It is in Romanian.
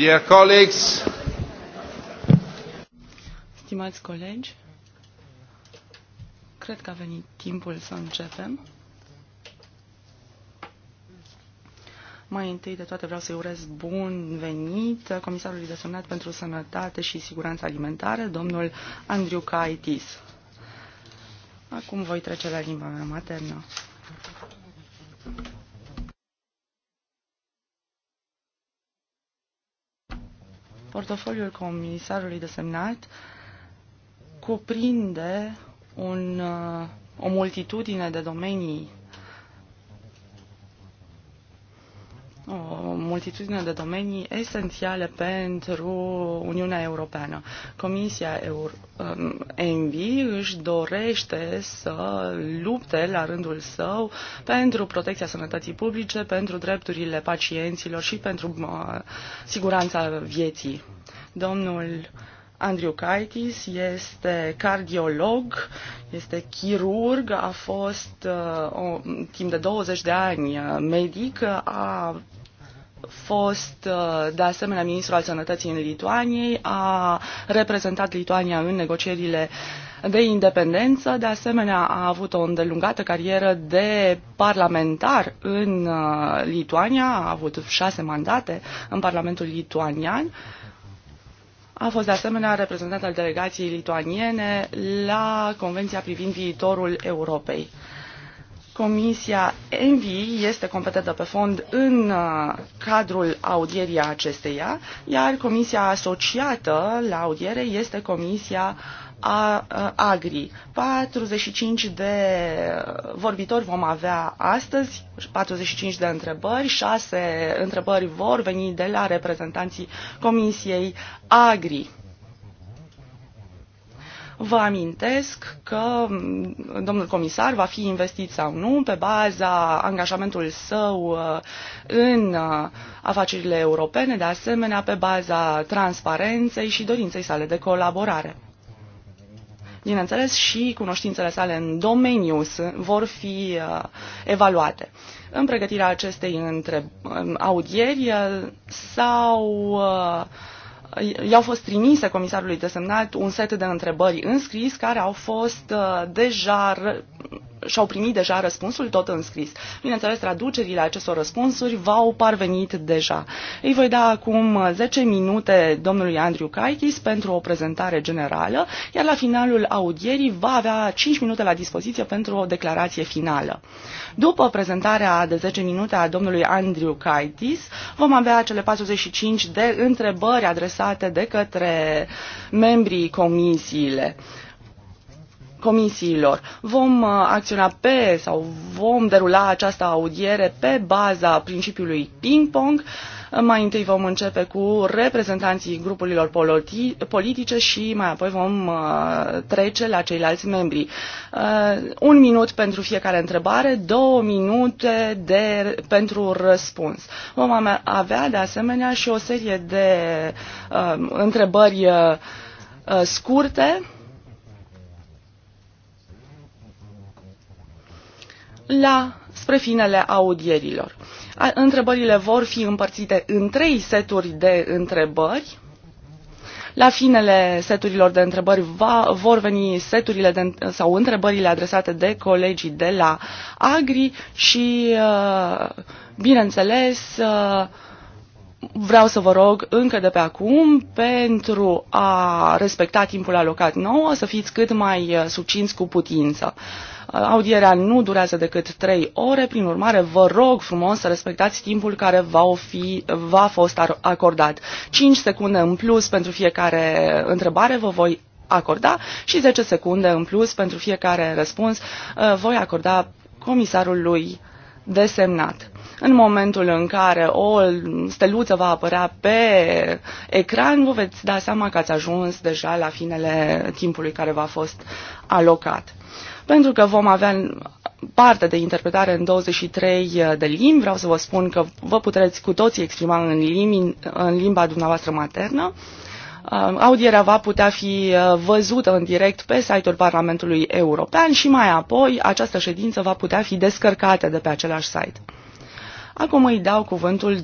Dear colleagues, Stimați colegi, cred că a venit timpul să începem. Mai întâi de toate vreau să-i urez bun venit comisarului desemnat pentru sănătate și siguranță alimentară, domnul Andriu Caitis. Acum voi trece la limba mea maternă. Portofoliul comisarului desemnat cuprinde un, uh, o multitudine de domenii multitudine de domenii esențiale pentru Uniunea Europeană. Comisia Euro- um, ENVI își dorește să lupte la rândul său pentru protecția sănătății publice, pentru drepturile pacienților și pentru uh, siguranța vieții. Domnul Andrew Kaitis este cardiolog, este chirurg, a fost uh, o, timp de 20 de ani uh, medic, a fost uh, de asemenea ministru al sănătății în Lituaniei, a reprezentat Lituania în negocierile de independență, de asemenea a avut o îndelungată carieră de parlamentar în uh, Lituania, a avut șase mandate în Parlamentul lituanian, a fost de asemenea reprezentant al delegației lituaniene la Convenția privind viitorul Europei. Comisia ENVI este competentă pe fond în uh, cadrul audierii acesteia, iar comisia asociată la audiere este Comisia a, uh, Agri. 45 de uh, vorbitori vom avea astăzi, 45 de întrebări, 6 întrebări vor veni de la reprezentanții Comisiei Agri. Vă amintesc că mm, domnul comisar va fi investit sau nu pe baza angajamentului său uh, în uh, afacerile europene, de asemenea pe baza transparenței și dorinței sale de colaborare. Bineînțeles, și cunoștințele sale în domeniu vor fi uh, evaluate. În pregătirea acestei audieri s-au i-au fost trimise comisarului desemnat un set de întrebări înscris care au fost uh, deja și-au primit deja răspunsul tot înscris. Bineînțeles, traducerile acestor răspunsuri v-au parvenit deja. Îi voi da acum 10 minute domnului Andrew Caichis pentru o prezentare generală, iar la finalul audierii va avea 5 minute la dispoziție pentru o declarație finală. După prezentarea de 10 minute a domnului Andrew Caichis, vom avea cele 45 de întrebări adresate de către membrii comisiile comisiilor. Vom uh, acționa pe sau vom derula această audiere pe baza principiului ping-pong. Uh, mai întâi vom începe cu reprezentanții grupurilor politice și mai apoi vom uh, trece la ceilalți membri. Un minut pentru fiecare întrebare, două minute de, pentru răspuns. Vom avea de asemenea și o serie de întrebări scurte la spre finele audierilor. Întrebările vor fi împărțite în trei seturi de întrebări. La finele seturilor de întrebări va, vor veni seturile de, sau întrebările adresate de colegii de la Agri și, uh, bineînțeles, uh, vreau să vă rog încă de pe acum, pentru a respecta timpul alocat nouă, să fiți cât mai uh, succinți cu putință. Uh, audierea nu durează decât 3 ore, prin urmare vă rog frumos să respectați timpul care va fi va fost acordat. 5 secunde în plus pentru fiecare întrebare vă voi acorda și 10 secunde în plus pentru fiecare răspuns uh, voi acorda comisarului desemnat. În momentul în care o steluță va apărea pe ecran, vă veți da seama că ați ajuns deja la finele timpului care v-a fost alocat. Pentru că vom avea parte de interpretare în 23 de limbi. Vreau să vă spun că vă puteți cu toții exprima în, limbi, în limba dumneavoastră maternă. Uh, Um, audierea va putea fi uh, văzută în direct pe site-ul Parlamentului European și mai apoi această ședință va putea fi descărcată de pe același site. Acum îi dau cuvântul